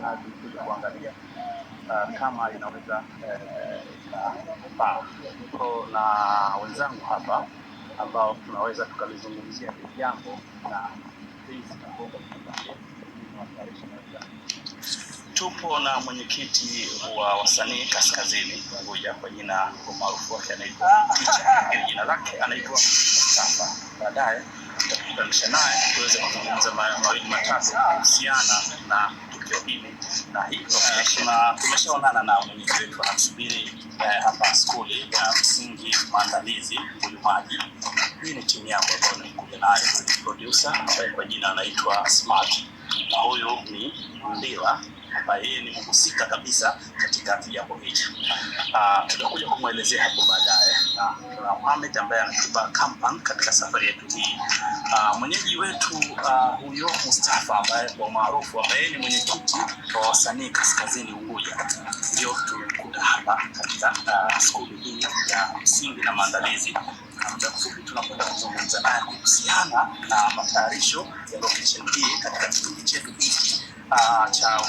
na kuangalia uh, kama inaweza ikafaa uh, uh na wenzangu hapa ambao tunaweza tukalizungumzia hili jambo na tupo na mwenyekiti wa wasanii Kaskazini Unguja kwa jina umaarufu wake anaitwa jina lake anaitwa Mustafa. Baadaye tutakutanisha naye tuweze kuzungumza mawili matatu kuhusiana na tukio hili, na hivyo tumeshaonana na mwenyeji wetu anamsubiri eh, hapa skuli ya msingi maandalizi maji. Hii ni timu yangu ambayo nimekuja nayo, producer ambaye kwa jina anaitwa Smart, na huyu ni Mbila ambaye yeye ni mhusika kabisa katika jambo hichi. Ah, tutakuja kumwelezea hapo baadaye uh, Mohamed ambaye anatupa kampan katika safari yetu hii. Uh, mwenyeji wetu ah, huyo uh, Mustafa ambaye kwa maarufu ambaye ni mwenyekiti wa wasanii Kaskazini Unguja ndio tulikuta hapa katika uh, skuli hii ya msingi na maandalizi muda mfupi tunakwenda kuzungumza naye kuhusiana na matayarisho ya location hii katika kipindi chetu hiki cha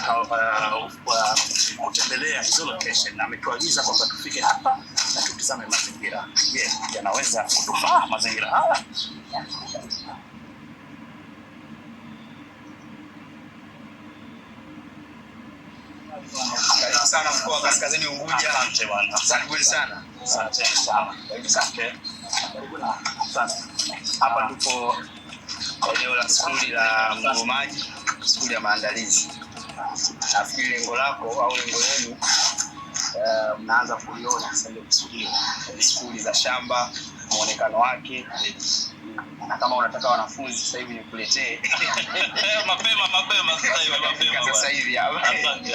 kutembelea hizo location, na ametuagiza kwamba tufike hapa na tuzame mazingira. Je, yanaweza kutufaa mazingira haya? Karibu sana mkoa wa Kaskazini Unguja. Karibuni sana. Asante sana. Hapa tupo eneo la skuli la Ngurumaji, skuli ya maandalizi. Nafikiri lengo lako au lengo lenu Eh, mnaanza kuiona sasa ile kusudio skuli za shamba muonekano wake na kama unataka wanafunzi sasa hivi nikuletee mapema mapema sasa hivi mapema sasa hivi hapa